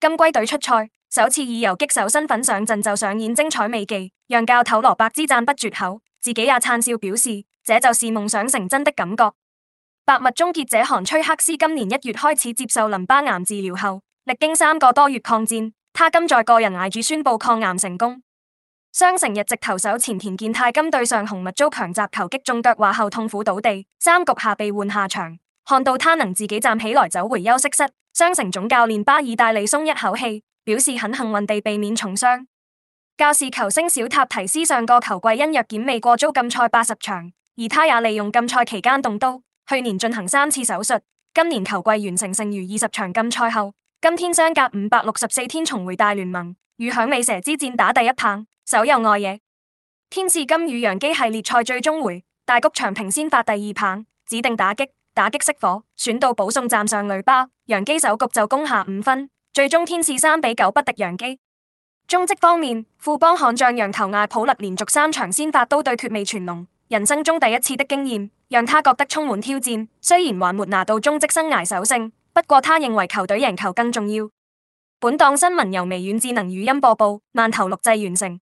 金龜隊出賽，首次以游擊手身份上陣，就上演精彩美技，讓教頭羅伯茲讚不絕口。自己也燦笑表示，這就是夢想成真的感覺。白襪終結者韓崔克斯今年一月開始接受淋巴癌治療後，歷經三個多月抗戰，他今在個人挨住宣布抗癌成功。雙城日籍投手前田健太今對上紅襪遭強襲球擊中腳踝後痛苦倒地，三局下被換下場。看到他能自己站起來走回休息室。雙城總教練巴爾戴利鬆一口氣，表示很幸運地避免重傷。教士球星小塔提斯上個球季因藥檢未過遭禁賽八十場，而他也利用禁賽期間動刀，去年進行三次手術，今年球季完成剩餘二十場禁賽後，今天相隔五百六十四天重回大聯盟，與響尾蛇之戰打第一棒，守右外野。天使今與洋基系列賽最終回，大谷翔平先發第二棒，指定打擊。打擊熄火，選到保送站上壘包。楊基首局就攻下五分，最終天使三比九不敵楊基。中職方面，富邦悍將洋投艾普勒連續三場先發都對決味全龍，人生中第一次的經驗讓他覺得充滿挑戰。雖然還沒拿到中職生涯首勝，不過他認為球隊贏球更重要。本檔新聞由微軟智能語音播報，慢投錄製完成。